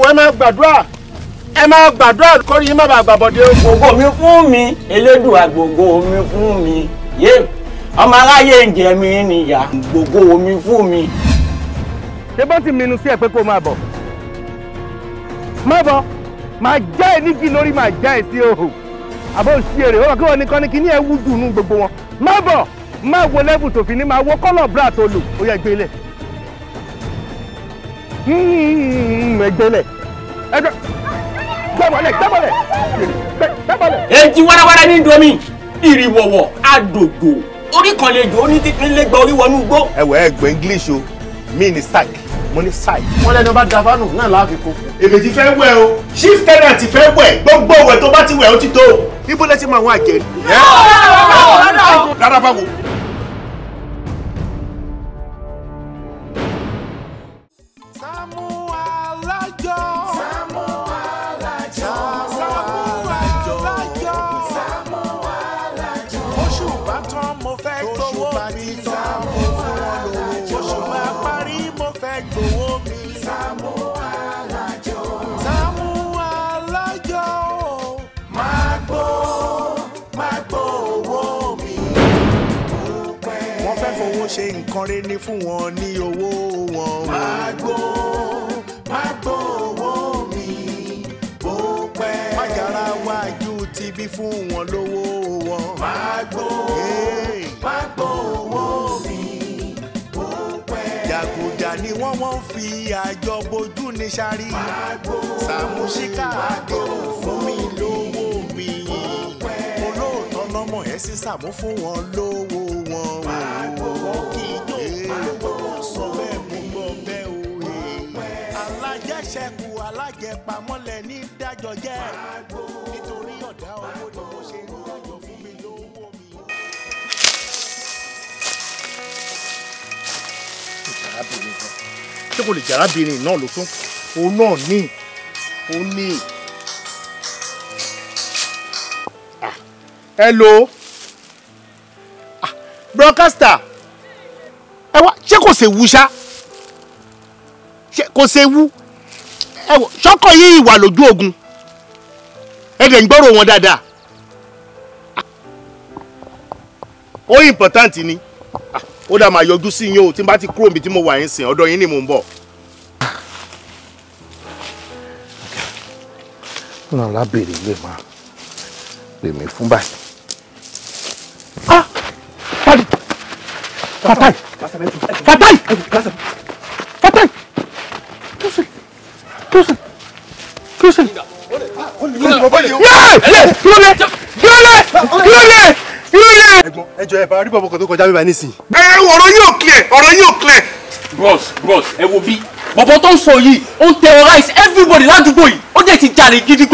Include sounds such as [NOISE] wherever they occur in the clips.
wò ẹ máa gbàdúrà ẹ máa gbàdúrà kọ́rí yín má bàa gbàbọ̀dé o. gbogbo mi fún mi elédùà gbogbo mi fún mi yé ọmọ aráyé ń jẹ mi nìyà gbogbo mi fún mi. ṣé bó ti minú sí ẹ pé kó máa bọ̀ má bọ̀ máa já ẹ nígi lórí máa já ẹ sí òhò àbọ̀ òsì èrè wọn kí wọn nìkan ni kíní ẹ wú dùnú gbogbo wọn má bọ̀ má wo lẹ́bù tòfin ní máa wo kọ́lọ̀ bra tó lò ó yẹ gbélé. Hmm, ẹgbẹ́lẹ̀ ẹgbẹ́ gbẹ́bọ̀lẹ̀ gbẹ́bọ̀lẹ̀ gbẹ́bọ̀lẹ̀. èjì warawara ní domi ìrìwọ̀wọ̀ àdòdò orí kan lè jò ó ní títí lè gba orí wọnú igbó. ẹ wẹ ẹ gbọ́ english o mi ni sack mo ní sack. wọn lẹnu bá da fánù náà láàfikún. èmi ti fẹ́ wẹ̀ o chief tenant fẹ́ wẹ̀ gbogbo wẹ̀ tó bá ti wẹ̀ ó ti tó. ibo lẹ ti mọ àwọn àjẹ́. rárá báwo. kọrin ní fún wọn ní owó wọn. Magbo, magbo owó mi, bó pẹ́. Má yàrá wájú ti bí fún wọn lówó wọn. Magbo, magbo owó mi, bó pẹ́. Jàgùjà ni wọ́n wọ́n fi àjọ bojú ní sáré. Magbo, Sàmúsíkà àdó fún mi lówó mi. Olóòótọ́ lọ́mọ ẹ̀ sísàmú fún wọn lówó wọn. Magbo, kí sọ bẹ́ẹ̀ mú gbọ́ bẹ́ẹ̀ òye. alájẹṣẹ́kù alájẹpamọ́lẹ̀ ní dájọ́ jẹ́ nítorí ọ̀dá owó ni mo ṣe ń dájọ́ fún mi lówó mi. ìjàrábìnrin náà ṣé kò lè jàrábìnrin náà ló tún òun náà ní òun ah, ní. hello ah, broadcaster ṣé kò ṣèwú ṣá kò ṣèwú ẹ wò ṣọ́kọ̀ yìí ìwà lójú ogun ẹ dẹ̀ ń gbọ́rọ̀ wọn dáadáa ó important ni ó dà máa yọjú sí yín o tí n bá ti kúrò níbi tí mo wà yín sìn ọ̀dọ̀ yín ni mò ń bọ̀. náà lábèrè lè máa pè mí fún báyìí. Fatai! Fatai! Fatai! Tusen! Tusen! Tusen! ẹjọ ẹ bá rí bọ̀bọ̀ kan tó kọjá bíbá nísìnyí. ẹ ọ̀rọ̀ yín ò clear ọ̀rọ̀ yín ò clear. bros bros ẹ wo bí bọ̀bọ̀ tó ń terrorize everybody ládùúgbò yìí ó dẹ̀ ti jalè gidi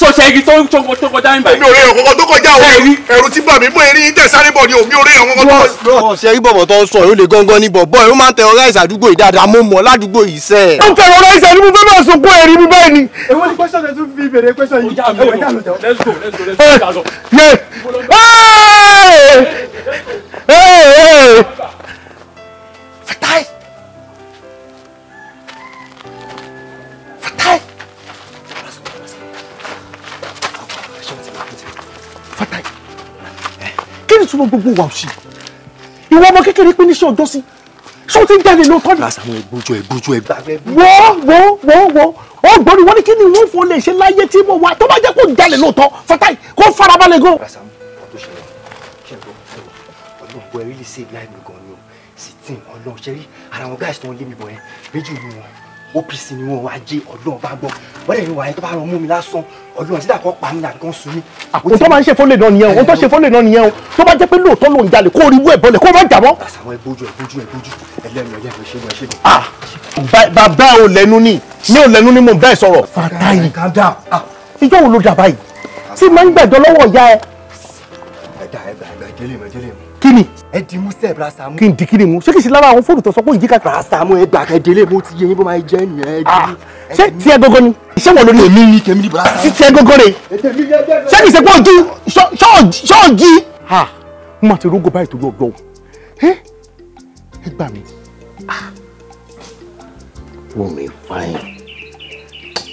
sọ̀sẹ̀ igi tó tó kọjá ń báyìí. mi ò rí ọ̀kọ̀ọ̀kan tó kọjá o ẹ̀rù ti bà mí mú erin tẹ̀ sáré bọ̀ ni o ò rí ọ̀kọ̀ọ̀kan tó kọjá. bọ́ọ̀ ṣe bọ̀bọ̀ tó ń sọ yóò lè gangan ní bọ̀ bọ́ọ̀ ló máa ń terrorize àdúgbò yìí dáadáa mo mọ̀ ládùúgbò yìí sẹ́. ó ń terrorize ni mo fẹ́ máa sunkún ẹ̀rí mi báyìí let's go let's go let's go. lọ gbogbo wa òsì ìwọ ọmọ kékeré pé níṣẹ́ ọjọ́ sí ṣé o ti ń jáde lọ tọ́ ni. àṣàmù ẹgbójú ẹgbójú ẹgbà. wọ́ wọ́ wọ́ wọ́ ó gbọ́dọ̀ wọ́n ní kí ni wọ́n fún ọ lè ṣe láyé tí mo wà tó bá jẹ́ kó jalè lóòótọ́ fatai kó farabalẹ̀ gan. àṣàmù ọdún ṣe lọ kí n lọ fún ọ ọdún bọ ẹ rí lè ṣe láì mi gan ni o sì tí ọlọ́run ṣe rí ara wọn gáàsì tó ń lé mi bọ̀ yẹn méjì ni wọn OPC ni wọn wá jẹ ọlọ́run bá gbọ́ wọ́n lè ní wàá yẹn tó bá lọ mú mi lásán ọlọ́run títà kan pa mí ní àdìgán sun mi. Ah, ohun tó máa ń ṣe fọ́lẹ̀ náà nìyẹn ohun tó ṣe fọ́lẹ̀ náà nìyẹn tó bá jẹ́ pé lóòótọ́ ló ń jalè kó rí wú ẹ̀ bọ́lẹ̀ kó má jà mọ́. àṣàwọn ẹgbójú ẹgbójú ẹgbójú ẹlẹ́nu ẹlẹ́nu ṣe é ṣe é. bàbá ò lẹ́nu ni mi ò lẹ́nu ni mo bẹ́ẹ̀ sọ̀rọ̀. Fatayi ah, ìjọ wo ló dà báyìí tí máa ń gbẹ̀jọ lọ́wọ́ ìyá ẹ. ẹ̀dá ẹ̀dá ẹ̀dá ìdílé mi ìdílé mi kí ni. ẹ di mú sẹ́ẹ̀ brasamu. kí n di kí ni mu ṣé kì í ṣe lára àwọn fóònù tó sọ pé ìdí kàkà. brasamu ẹ gbà kẹdẹlẹ mo ti yẹ yín bó máa jẹ ẹnu ẹ ah, di. ṣé tiẹ̀ gógó ni iṣẹ́ wọn lórí. èmi ni kèmi ni brasamu. tiẹ̀ gógó re ṣé kì í ṣe pé ojú ṣọ́ọ̀jì. ha mo máa ti rúgọ báyìí torí ọgbọ́n ẹ gbà Ah. wọ́n mi fain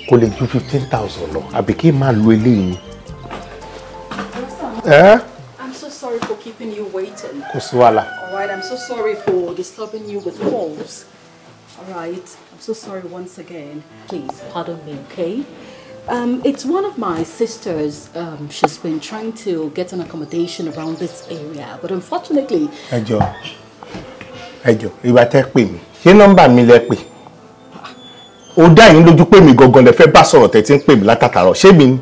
kò lè ju fifteen thousand lọ àbí kí n máa lo eléyìí. ẹ sorry for keeping you waiting. Kò sí wàhálà. I'm so sorry for disturbing you with calls. right, I'm so sorry once again. Please, pardon me, okay? Um, it's one of my sisters. Um, she's been trying to get an accommodation around this area, but unfortunately. Ẹ jọ̀ọ́, ẹ jọ̀ọ́, ìgbà tẹ́ pè mí, ṣé nọ́mbà mi lẹ pè? Ó dá yín lójú pé mi gangan lẹ fẹ́ bá sọ̀rọ̀ tẹ́ ti ń pè mí látàtàrọ̀, ṣé mi ni?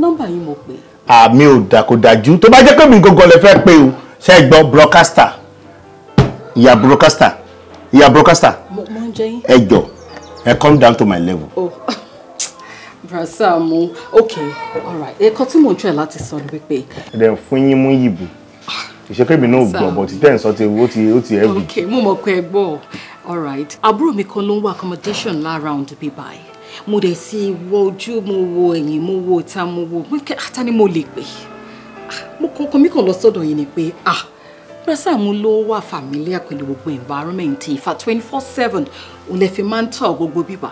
Nọ́mbà mo pè àmì ò dàkódàjú tó bá jẹ́ pé mi gangan lè fẹ́ pé o ṣe gbọ́ broadcaster ìyá broadcaster ìyá broadcaster ẹ jọ ẹ come down to my level. Oh. [LAUGHS] brasa mu ok alright ẹ̀kọ́ tí mò ń jọ ẹ̀ láti sọ ni wípé. ẹ dẹ̀ fún yín mú yìbù ìṣekébì náà gbọ̀ bọ̀ tí tẹ́ǹsọ́ ti ó ti ó ti ẹ̀ bù. ok mo mọ̀ pé ẹ gbọ́ alright àbúrò mi kan ló ń wá accommodation lára round bíbáyìí mo dẹ̀ sí wo ojú mo wo ẹ̀yìn mo wo ìta mo wo ata ni mo lè pè ah, mo kọ́kọ́ mi kàn lọ sọ́dọ̀ yìí ni pé ah brasa mo ló wà familiar pẹ̀lú gbogbo environment ìfà twenty four seven òun lè fi máa ń tọ̀ gbogbo bíbá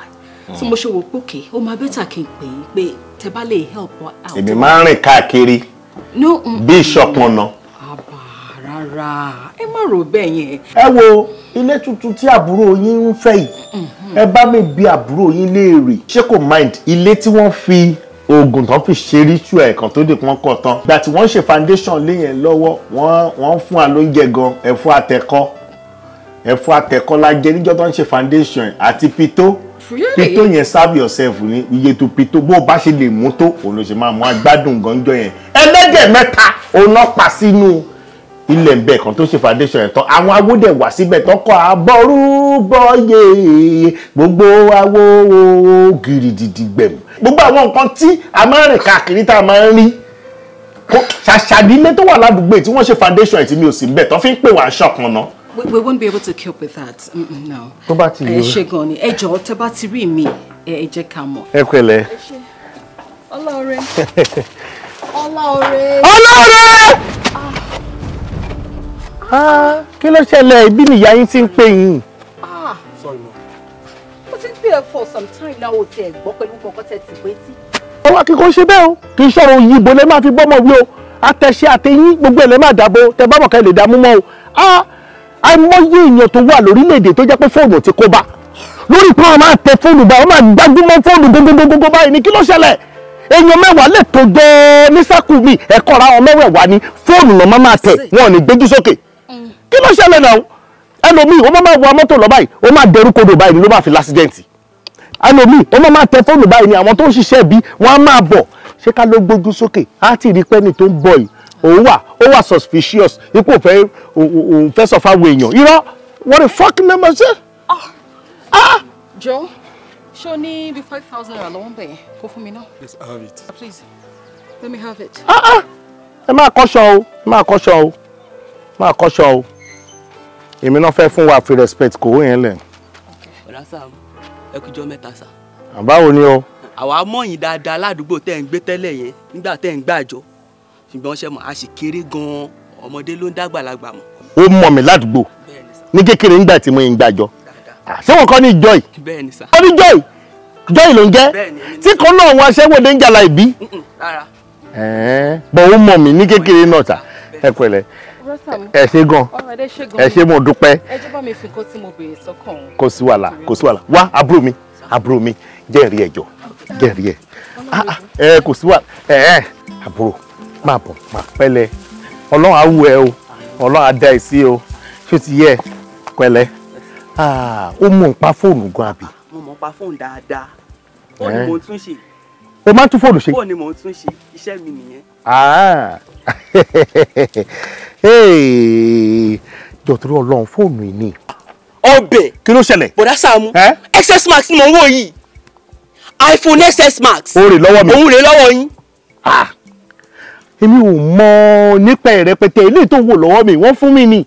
tí hmm. mo ṣe wò pé òkè ó máa bẹ́tà kí n pè é pé tẹ bá lè help out. èmi máa ń rìn káàkiri bí ìṣọ̀kan mm, mm. náà rárá ẹ má rò bẹ́ẹ̀ yẹn. ẹ wo ilé tuntun tí àbúrò yín ń fẹ́ yìí mhm. ẹ bá mi bi àbúrò yín léèrè ṣé kò mind ilé tí wọ́n fi oògùn tán fi ṣe ríṣù ẹ̀kan tó dì pọ́n kọ̀ tán gbà tí wọ́n ṣe foundation lé yẹn lọ́wọ́ wọ́n wọ́n fún wa lóúnjẹ gan ẹ̀fọ́ àtẹ̀kọ́ ẹ̀fọ́ àtẹ̀kọ́ la jẹ níjọ́ tó ń ṣe foundation àti pito pito yẹn serve yourself ní iye tó pito bó o bá ṣe lè mú tó òun ló ṣe máa mú agbádùn gànjọ yẹn ẹlẹ́dẹ̀ mẹ́ta òun náà pa sínú ilẹ̀ ńbẹ kan tó ṣe foundation yẹn tán àwọn awo dẹ̀ síbẹ̀ tán kọ́ àbọ̀rúbọ̀yè gbogbo awo gìrìdìdì gbẹ̀mù gbogbo àwọn nǹkan tí a máa ń rìn káàkiri tá a máa ń rí ṣàṣàdílé tó wà ládùúgbò tí wọ́n ṣe foundation ẹ̀ tí mi ò sí bẹ̀ tán fi ń pè wá ṣọ̀kan náà. We, won't be able to cope with that. Mm, mm no. Tó bá ti yọ. Ẹ ṣe gan ni. Ẹ jọ̀ọ́ tẹ́ bá ti rí mi, ẹ jẹ́ ká mọ̀. Ẹ pẹ̀lẹ́. Ọlọ́ọ̀rẹ́. [LAUGHS] Ọlọ́ọ̀rẹ́. Ọlọ́ọ̀rẹ́. Ah, kí ló ṣẹlẹ̀ ibi nìyá yín ti ń pè yín. ó ah, ti ń pè ẹ́ for some time náà ó ti ẹ̀ gbọ́ pẹ̀lú kọ̀ọ̀kan tẹ̀ tì pétí. ọwọ́ akíkọ́ ṣe bẹ́ẹ̀ o kì í ṣọ̀rọ̀ òyìnbó lẹ́ máa fi bọ́mọ̀ wí o àtẹ̀ṣe àtẹ̀yìn gbogbo ẹ̀ lẹ́ máa dàbò tẹ bá mọ̀kẹ́ lè dààmú mọ́ o. Ah, àìmọye èèyàn tó wà lórílẹ̀‐èdè tó jẹ́ pé fóònù ti kó bá lórí pé wọ́n máa tẹ fóònù báyìí wọ́n máa gbájúmọ́ fóònù gbogbogbò báyìí ni kí ló ṣẹlẹ̀ èèyàn mẹ́wàá lè tó jẹ́ ní sákùú mi ẹ̀kọ́ ra wọn mẹ́wàá wá ní fóònù náà máa tẹ̀ wọn ò ní gbójú sókè kí ló ṣẹlẹ̀ náà ẹlòmíì ó máa wọ mọ́tò lọ báyìí ó máa dẹrú kodò báyìí ló máa fi lásìdẹ́ǹtì ẹlòmíì ó máa tẹ fóònù báyìí ni àwọn tó ń ṣiṣẹ́ bí wọ́n á máa bọ̀ ṣé ká ló gbójú sókè á ti rí pẹ́ni tó ń bọ̀ yìí òun wà ó wà suspicious ipò fẹ́ òun fẹ́ sọ fáwọn èèyàn irọ́ wọ́n rí fọ́ọ̀kì náà máa ṣe. Ah. Ah! jọ ṣé o ní bí five thousand naira lọ́wọ́ bẹ̀yẹn kó fún mi náà. have it. Ah, please let me have it. ẹ máa kọ́ṣọ́ o máa kọ́ṣọ́ o máa kọ́ṣọ́ o èmi náà fẹ́ fún wa fi respect kò wó yẹn lẹ̀. ọ̀rá sá ẹ kújọ mẹ́ta sá. àbáwo ni o. àwa mọ̀ yín dáadáa ládùúgbò tẹ́ ń gbé tẹ́lẹ̀ yẹn nígbà te ń gbàjọ ṣùgbọ́n ṣe mọ̀ a si kéré gan-an ọmọdé ló ń mo. O ó mọ̀ mi ládùúgbò ní kékeré nígbà tí mo ń gbàjọ ṣé wọn kọ́ ní joy. bẹ́ẹ̀ ni sá. ó ní joy joy ló ń jẹ́ tí kan náà wọn aṣẹ́wó dé ń jàlá ìbí. bọ̀ ó mọ̀ mi ní kékeré náà ta ẹ ṣé gan ẹ ṣé mo dúpẹ́. ẹ jẹ́ bá mi fi kó tí mo béèrè sọ́kàn. kò sí wàhálà kò sí wàhálà wá àbúrò mi àbúrò mi jẹ́rìí ẹ jọ jẹ́rìí ẹ ah, ah, ẹ kò sí wàhálà ẹ ẹ àbúrò máa bọ̀ máa pẹ̀lẹ́ ọlọ́run á wù ẹ o ọlọ́run á dá ẹ sí o ṣó ti yẹ pẹ̀lẹ́ ah, ó mú un pa fóònù gan àbí. mo mọ̀ pa fóònù dáadáa ó mo tún ṣe. o máa ń tún fóònù ṣe. fóònù mo tún ṣe iṣẹ́ mi nìyẹn. [LAUGHS] jọ̀tọ̀rọ̀ ọlọ́run fóònù yìí ni. ọbẹ̀ kí ló ṣẹlẹ̀. bọ̀dá Sàámú xs max ni mò ń wò yìí iphone xs max. o rè lọ́wọ́ mi òun rè lọ́wọ́ yín. èmi ò mọ nípa ìrẹpẹtẹ eléyìí tó wò lọ́wọ́ mi wọ́n fún mi ni.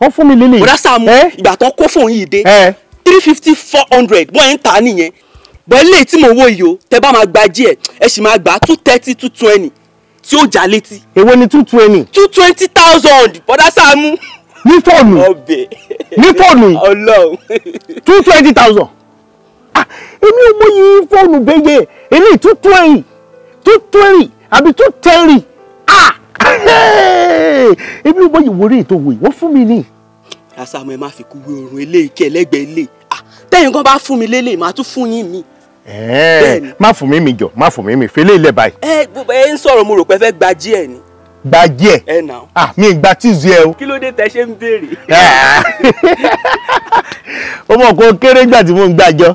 wọ́n fún mi lélẹ̀. bọ̀dá Sàámú ìgbà tó kó fóònù yìí dé three fifty four hundred wọ́n ń tà á nìyẹn bọ̀ eléyìí tí mò ń wò yìí o tẹ bá máa gba díẹ̀ ẹ sì máa gbà two thirty two twenty tí ó já létí. èwo ni two twenty. two twenty thousand bọ́dá Sàámú. ní fóònù ọbẹ̀ ní fóònù ọlọ́run two twenty thousand ah èmi ò mọ iye fóònù gbẹgbẹ èmi two twenty two twenty àbí two thirty ah èmi ò mọ iye wọlé ètò wòye wọ́n fún mi ní. Sàámú ẹ má fi kú wé eléyìí kí ẹlẹgbẹẹ lè ah tẹ̀yin kan bá fún mi lélẹ̀ màá tún fún yín mi má fún mi mi jọ má fún mi mi fele ilẹ̀ báyìí. ẹ ẹ ń sọ̀rọ̀ mo rò pé fẹ́ gba díẹ̀ ni. gba díẹ̀ ẹ nà ó. ah mi gba tíìzì ẹ o. kí ló dé tẹ ṣe ń béèrè. ó mọ̀ kó kéré nígbà tí mo ń gbàjọ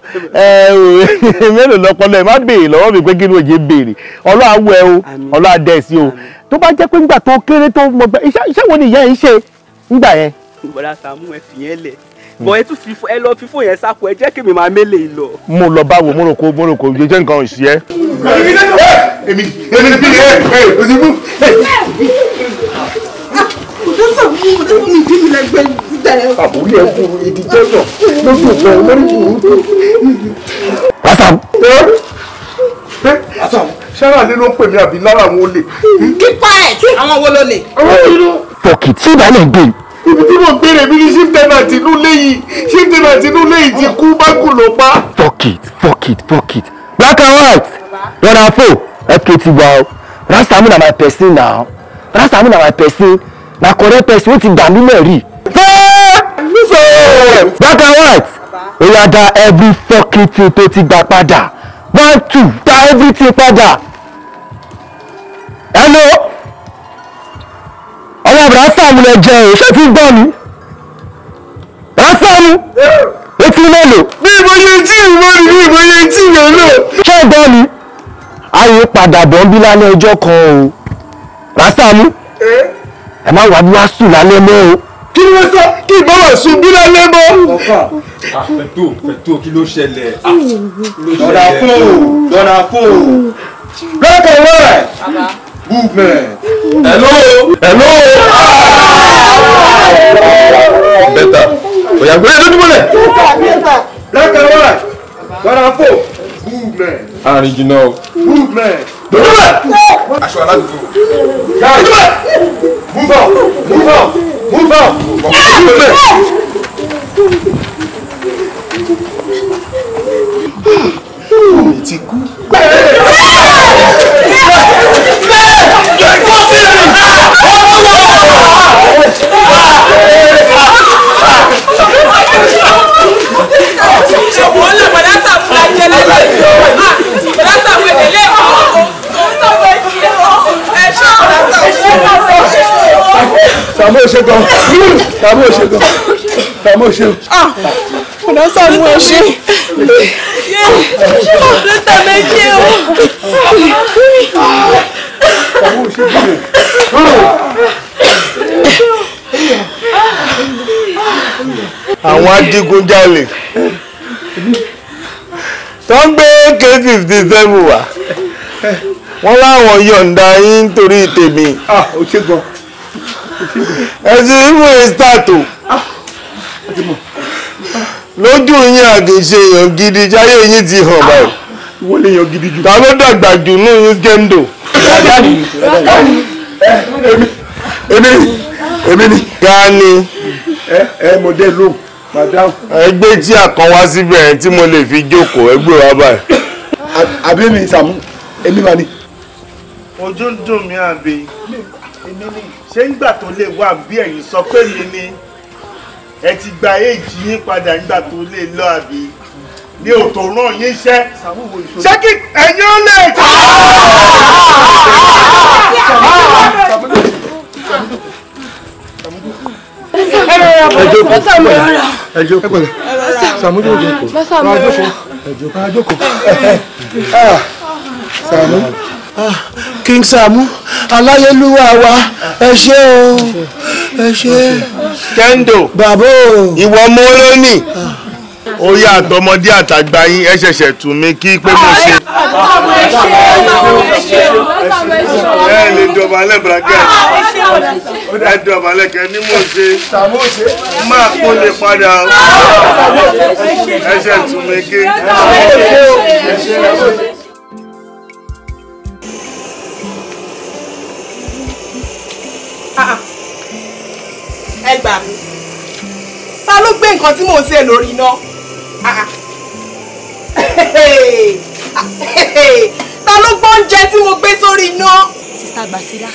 [LAUGHS] mélòó lọ́pọ̀lọ́ ẹ má béèrè lọ́wọ́ mi pé kí ni òye béèrè ọlọ́wà wọ ẹ o ọlọ́wà dẹ̀ sí o tó bá jẹ́ pé nígbà tó kéré tó mọ̀ gbà iṣẹ́ wo ni ìyá yẹn ṣe nígbà yẹn. bọ̀dá Sàámú ẹ fìyẹn lẹ̀ bọ̀ ẹ tún fífò ẹ lọ fífò yẹn sáko ẹ jẹ́ kí mi máa mélé lọ. mo lọ báwo mo rò kó mo rò kó yé jẹ́ nǹkan òsì ẹ. èmi èmi bí ẹ ẹ òsì fún. kò tó mi bí mi lẹgbẹ ìdílé. àbúrò ẹ fún ìdíjẹ́ náà lójú ọ̀gá olórí burúkú. pàṣẹ. pàṣẹ ṣẹ́rà ló ń pè mí àbí lára àwọn olè. kíkọ́ ẹ̀ àwọn wo ló lè. fọkì tí ìbálẹ̀ ń gbé yìí ibi tí mo béèrè mi ni chief tenant léyìí chief tenant léyìí ti kú bákù ló pa. fuck it fuck it fuck it black and white and fo fkt wa o rastamu na my person na rastamu na my person na correct person wey ti gbà mí mẹ́rì. black and white ó yá dá every fucking thing tó ti gbà padà one two dá everything padà. hello ọmọ ràfàmù lẹ jẹ ẹ ṣé ti gbọ́ ni ràfàmù etí mélòó. bí mo ṣe tí ìwọ ni bí mo ṣe tí mélòó. ṣé gbọ́ ni ayé padà bọ̀ ń bí lálẹ́ ọjọ́ kan o ràfàmù ẹ má wà ní wàá sùn lálẹ́ mọ́ o. kí ló sọ kí ìbọn wà sùn bí lálẹ́ mọ́. pẹ̀tù ah, pẹ̀tù kí ló ṣẹlẹ̀ ah, lọ́dà fún o lọ́dà fún o lọ́kàn wọ́ọ̀rẹ̀ movement. hello hello. Ah! bẹ́tà òyà gbé lójúmọ́lẹ̀. black and white gbọ́dọ̀ fò movement. àrùn jìnnà o. movement. lójúmọ́. aṣọ aládùúgbò. lójúmọ́. move on move on move on. movement. Sàmú ò ṣe gan. Sàmú ò ṣe gan. Sàmú ò ṣe o. Ọ̀dà Sàmú ò ṣe. Lẹ́tà méjì o. Sàmú ò ṣe gan. Àwọn adigunjalè tó ń gbé K57 wá wọ́n láwọn yọ̀ǹda yín nítorí tèmi. Ah, o ṣe gan ẹsìn ìmú ìsítàtò lójú yín àgèṣe èèyàn gidi jáyé yín ti hàn báyìí wọlé èèyàn gidi jù ta ló dàgbà jù nù yín gẹ́ńdò. èmi ni èmi ni. gani. ẹ ẹ mo dé lóhùn madam. ẹgbẹ́ tí àkànwá síbẹ̀ tí mo lè fi jókòó ẹgbẹ́ wa báyìí. àbí mi ìsàmú èmi mà ni. ojú ń dùn mí àbí. èmi ni ṣé ńgbà tó lè wà bí ẹ̀yin sọ pé mi ni ẹ ti gba èjì yín padà ńgbà tó lè lọ àbí ní òtò náà yín ṣẹ́ ṣé kí ẹ̀yin ó lè tà á. Sàmúdò jókòó. Sàmúdò jókòó. Sàmúdò jókòó. King Saamu aláyélúwà wa ẹ ṣé o ẹ ṣé. Kendo bàbá o ìwọ mo lónìí ó yà àtọmọdé àtàgbà yín ẹ ṣẹ̀ṣẹ̀ tù mí kí pé mo ṣe. ẹ lè dọ̀bálẹ̀ brakẹ́ ó dá dọ̀bálẹ̀ kẹ́ ní mo ṣe máa kó lè padà ẹ ṣẹ̀ tù mí kí. Ah, ah. ẹ gbà mí ta ló gbé nǹkan tí mò ń ṣe lórí iná ah, ta ló gbọ́ oúnjẹ tí mo gbé sórí iná. sista Gbàsílá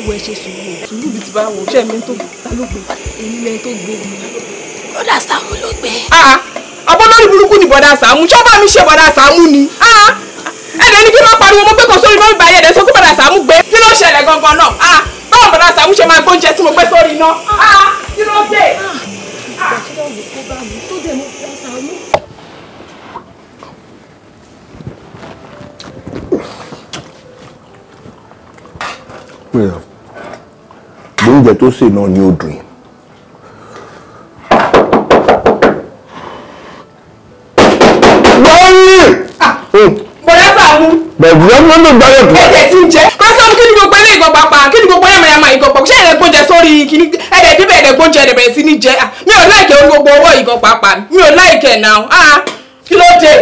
ẹwọ ẹ ṣe sùúrù o. sùúrù bíi ti bá wọ ṣẹ́ mi tó ta ló gbé èyí lẹ́yìn tó gbé mi. bọ́dà Sàámú ló gbé. àbọ̀ lórí burúkú ni bọ́dà Sàámú ṣọ́ bá mi ṣe bọ́dà Sàámú ni ẹ̀dẹ̀ ní kí n má pariwo mo gbé kan sórí mọ́mí báyìí ẹ̀dẹ̀ sọ pé bọ́dà Sàámú gbé kí ló ṣẹlẹ̀ gangan náà bàbá Sàámú ṣe máa gbóúnjẹ tí mo gbé sórí iná. Ah, ah, kí ló dé. gbóúnjẹ ah. tó sè náà ni ó dùn yìí. Hmm. bọ̀dá Sàámú. bẹ̀rù ló ń lò gbáyọ̀ tó. oúnjẹ rẹ̀ bẹ̀rẹ̀ sí ní jẹ ah, mi ò láìkẹ́ ohun gbogbo owó yìí kan pàápàá mi ò láìkẹ́ náà ah kí ló dé.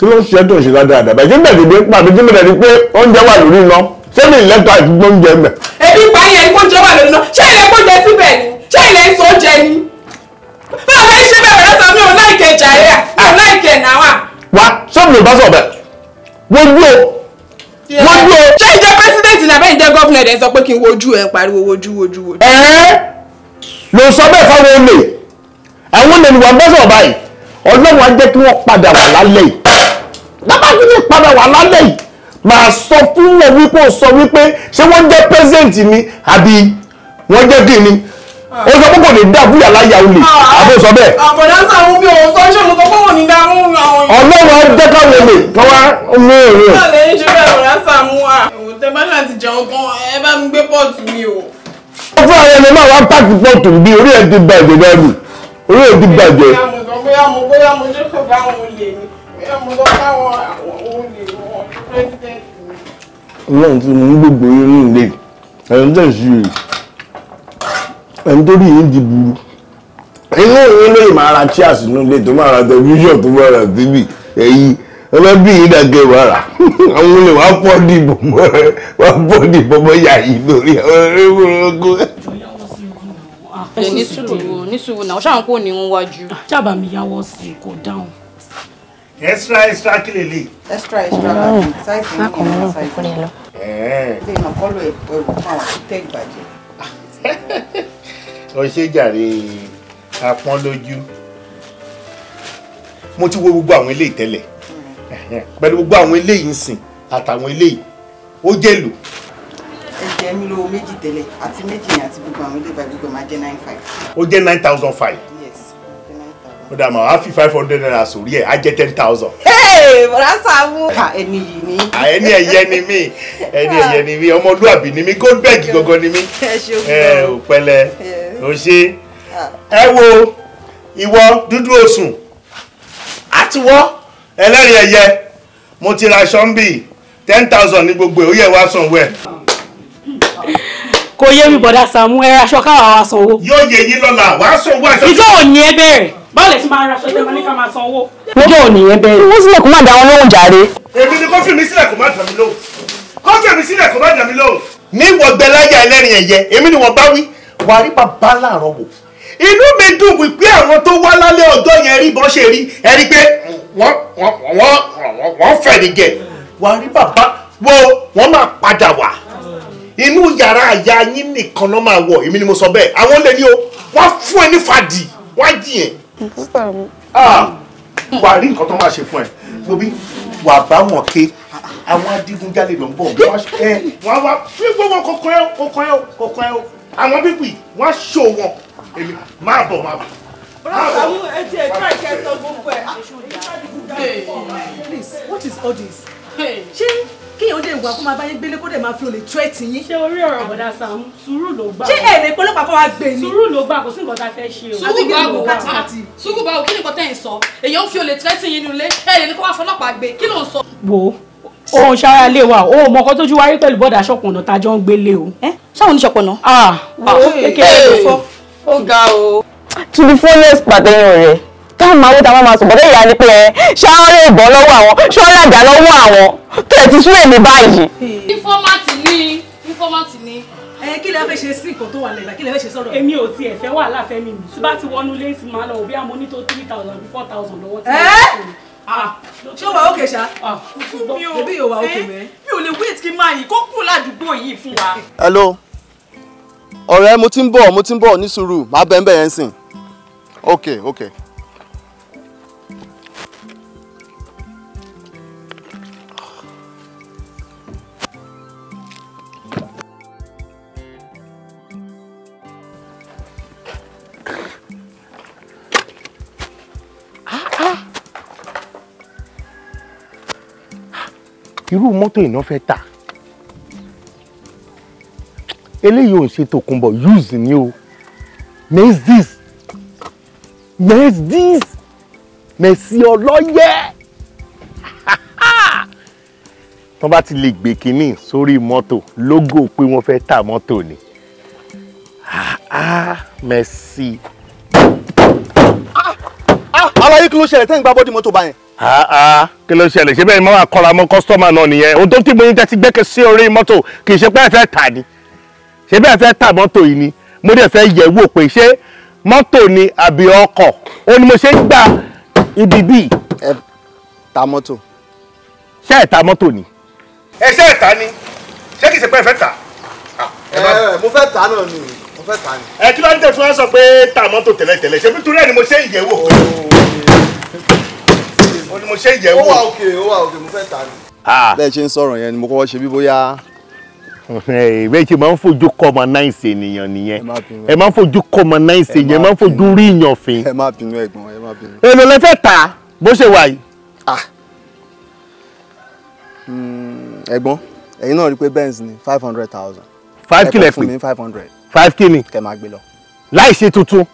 kí ló ń ṣe tó ń ṣe dáadáa bàjẹ́ bẹ̀rẹ̀ bí pàbí tí mo rẹ̀ rí pé oúnjẹ wà lórí iná ṣé mi lẹ́tọ̀ àti gbóúnjẹ mẹ́. ebi pa yẹn kó oúnjẹ wà lórí iná ṣé ilẹ̀ kó oúnjẹ síbẹ̀ ni ṣé ilẹ̀ ń sọ oúnjẹ ni. báwo ni ṣé bẹ̀rẹ̀ lọ́sàn mi ò láìkẹ́ ìjà rẹ̀ mi ò láìkẹ́ náà wà. wá sọ́ọ̀bù ló bá sọ̀ bẹ́ẹ̀ wojú o wojú o. ṣé ìjẹ́ pẹ́sidẹ̀ntì nàbẹ́ ìjẹ́ gọ́fìnà ẹ̀ sọ pé kí n wojú ẹ̀ pariwo wojú wojú wojú lo sọ bẹ́ẹ̀ fáwọn olè àwọn olè nìwà bẹ́sẹ̀ ọ̀bá yìí ọlọ́run á jẹ́ kí wọ́n padà wà lálẹ́ yìí bàbá kí ni padà wà lálẹ́ yìí màá sọ fún wọn wípé ó sọ wípé ṣé wọ́n jẹ́ present ni àbí wọ́n jẹ́ kí ni ó sọ pé kò lè dá àbúyà láyà olè àbó sọ bẹ́ẹ̀. àbọ̀dá sàwọn bí òun sọ ṣé mo sọ pé òun ní dáhùn àwọn èèyàn. ọlọ́run á jẹ́ káwọn olè kọ́ wá mú òun. báwo lè ń ṣe bẹ́ẹ̀ àbọ̀dá sàmú wa. òun fún àwọn ẹni máa wá pàtó pọ̀tù bí orí ẹ̀ ti bàjẹ́ dànù orí ẹ̀ bàjẹ́. bóyá ti mú gbogbo inú ilé ẹ̀rọ tẹ̀ sí i ẹni tó rí yìí di burú inú ilé ìmọ̀ ara chias inú tó máa ra tẹlifíṣàn tó máa ra tv èyí ẹlẹ́bí yìí dàgẹ́ wàrà àwọn olè wàá pọ̀ dìbò mọ́ ẹ wàá pọ̀ dìbò mọ́ yà yìí lórí ọ̀rẹ́ burúkú. ní sùúrù ní sùúrù náà ṣáà ń kó ní wọn wájú. jábà mi yáwọ́ sí i kò dáhùn. extra extra kí lè lè. extra extra ṣáìsì ní ìlú ṣáìsì. ṣé ìmọ̀kọ́lù ẹ̀rù fún àwọn títẹ̀ ìgbàjẹ́. [LAUGHS] ọṣẹ jàre apọ́n lójú mo ti wo gbogbo àwọn ilé ìtẹ́lẹ̀ [LAUGHS] pẹ̀lú gbogbo àwọn eléyìí ń sìn àtàwọn eléyìí ó jẹ́ lò. ẹ jẹ́ mi lówó méjì tẹ́lẹ̀ àti méjì yẹn àti gbogbo àwọn eléyìí gbogbo máa jẹ́ nine five. ó jẹ́ nine thousand five. yes nine thousand. ó dà mà á fi five hundred naira sórí ẹ̀ á jẹ́ ten thousand. bọ̀dá Sàámú. ẹni yìí ni. ẹni ẹ̀yẹ ni mí ẹni ẹ̀yẹ ni mí ọmọlúàbí ni mí goldberg gangan ni mí. ẹ ṣe òkú ẹ òpẹlẹ ò ṣe ẹ wo ìwọ dúdú òsùn ẹlẹ́rìí ẹ̀yẹ mo ti ra ṣọ́ńbì ten thousand ní gbogbo ẹ̀ ó yẹ wá sanwó ẹ̀. kò yé mi bọ̀dá Sàámú ẹ aṣọ káwa wa sanwó. yóò yẹ yín lọ́la wà á sanwó aṣọ. ìjọ òní ẹ bẹ̀rẹ̀ báwo lè ṣe máa ra aṣọ ìjọba ní ká máa sanwó. ìjọ òní ẹ bẹ̀rẹ̀. wọ́n sílẹ̀ kó má dá wọn lóhùn jàre. èmi ni kó mi sílẹ̀ kó má dà mí lóhùn kó mi sílẹ̀ kó má dà mí lóhùn. ní wọ̀gbẹ́láyà ẹlẹ́rìn ẹ̀yẹ ni wọ́n bá wí wàá rí inú mi dùn wípé àwọn tó wá lálẹ́ ọjọ́ yẹn rí bọ́ ṣe rí ẹ rí pé wọ́n wọ́n wọ́n wọ́n fẹ̀rẹ̀ gẹ̀ wàá rí bàbá wo wọ́n máa padà wá inú yàrá àyà yín nìkan ló máa wọ̀ èmi ni mo sọ bẹ́ẹ̀ àwọn lè ní o wọ́n fún ẹ ní fàdí wọ́n á jìyàn. wàá rí nǹkan tó máa ṣe fún ẹ gbòbí wàá bá wọn ké àwọn adigunjalè ló ń bọ̀ wọ́n wá fún gbogbo kọkàn ẹ kọkàn ẹ kọkàn ẹ àwọn bíbí wọ́n á ṣó wọn èmi máa bọ̀ máa bọ̀. Brother Saamu, ẹ ti ẹ̀ sọ gbogbo ẹ̀. Ah, Please, what is all this? Ṣé kéèyàn dé ìwà kó máa bá yín gbélé kó dẹ̀ máa fi olè tú ẹ̀ tì yín? Ṣé orí ọ̀rọ̀ bọ̀dá Saamu sùúrù ló gbà? Ṣé ẹ̀ lè pọ́lọ́pàá kọ́ wa gbé ni? Sùúrù ló gbà kò sí nǹkan tá a fẹ́ ṣe o. Sùúrù bá wò wá. Sùúrù bá wò kí nìkan tẹ̀ ń sọ. Èèyàn ń fi olè tú ẹ̀ tì yín nulẹ̀. Ẹ lè ní kó wá fọlọ́pàá gbé. Kí ló ń sọ? Wo òun ṣara lè wà ó mọ ọkọ tójú wárí pẹ̀lú bọ́dà ṣọ̀pọ̀nà tá a jọ ń gbélé o. Ṣáwọn oníṣọ̀pọ̀nà. Ah, wo ah, ah, kékeré ló fọ́ ó ga o. to the fullest pàtẹ́yìn ọ̀rẹ́ a máa wó táwọn máa sọ bọ́dọ̀ ìyá ni pé eh, ṣáọ́rẹ́ ìbọn lọ́wọ́ àwọn ṣọ́ọ́rẹ́ àdá lọ́wọ́ àwọn tó ẹ̀ ti sún èmi báyìí. ní fọ́mátì ní ní fọ́mátì ní. ẹ kí lẹ fẹ́ ṣe sí nǹkan tó wà lẹ́yìn kí lẹ fẹ́ ṣe sọ̀rọ̀. èmi ò tiẹ̀ fẹ́ wàhálà fẹ́ mi mi tí bá ti wọnú lé ti máa lọ òbí àmọ́ ní tó three thousand àbí four thousand lọ́wọ́ tí ah, ah, ṣé wà ókè ṣá ah, mi ò wà ókè eh, mẹ́ mi ò lè wait kí n máa yìí kó kù ládùúgbò yìí fún wa. hello ọ̀rẹ́ mo ti ń bọ̀ mo ti ń bọ̀ ní sùúrù máa bẹ̀ ń bẹ̀ yẹn sìn ok ok. irú mọ́tò iná fẹ́ tà eléyìí ò ń ṣe tòkunbọ̀ use ni o mess this mess this mẹ̀sí ọlọ́yẹ́ [LAUGHS] tán bá ti lè gbé kínní sórí mọ́tò lógò pé wọ́n fẹ́ ta mọ́tò ni ah, ah, mẹ̀sí. aláyé kí ló ṣẹlẹ̀ tẹ́yìn gbá bọ́dí mọ́tò báyẹn. Ah, kí ló ṣẹlẹ̀ ṣé bẹ́ẹ̀ ni wọ́n á kọ́ra mọ́ kọ́sítọ́mà náà nìyẹn ohun tó ti gbóyin tẹ́tí gbẹ́kẹ̀ sí orí mọ́tò kì í ṣe pé ẹ fẹ́ tà ni ṣé bẹ́ẹ̀ fẹ́ ta mọ́tò yìí ni mo dẹ̀ fẹ́ yẹ̀ wò pé ṣé mọ́tò ni àbí ọkọ̀ ó ní mo ṣe ń gba ibi bíi. ẹ ta mọ́tò. ṣé ẹ ta mọ́tò ni. ẹ ṣé ẹ ta ni ṣé kìí ṣe pé ẹ fẹ́ ta. Ah, ẹ ẹ mo fẹ́ ta náà ni mo fẹ́ ta ni. ẹ kí ló ń tẹ̀ fún wa sọ pé ta mọ́tò tẹ́lẹ̀tẹ́lẹ̀ ṣé nítorí ẹ ni mo ṣe ń yẹ̀ wò. ó ní mo ṣe ń yẹ̀ wò. ó wà òkè ó wà òkè mo fẹ́ ta ni. Ah. bẹ́ẹ̀ ṣe ń sọ̀rọ̀ yẹn ni mo kọ́kọ́ ṣe bí bóyá Eh, ìwé ṣe máa ń fojú kọ́ ọmọ náà ṣe ènìyàn nìyẹn ẹ máa ń fojú kọ́ ọmọ náà ṣe yẹn ẹ máa ń fojú rí ìyàn fin. ẹ má bínú ẹ̀gbọ́n ẹ má bínú. èlò lẹ fẹ́ ta bó ṣe wà yìí. Ah. Hmm, ẹ̀gbọ́n ẹ̀yin náà rí i pé benz ni five hundred thousand. five kìlẹ̀ pé five hundred. five kìlì. kẹ̀ máa gbé lọ. láì ṣe tuntun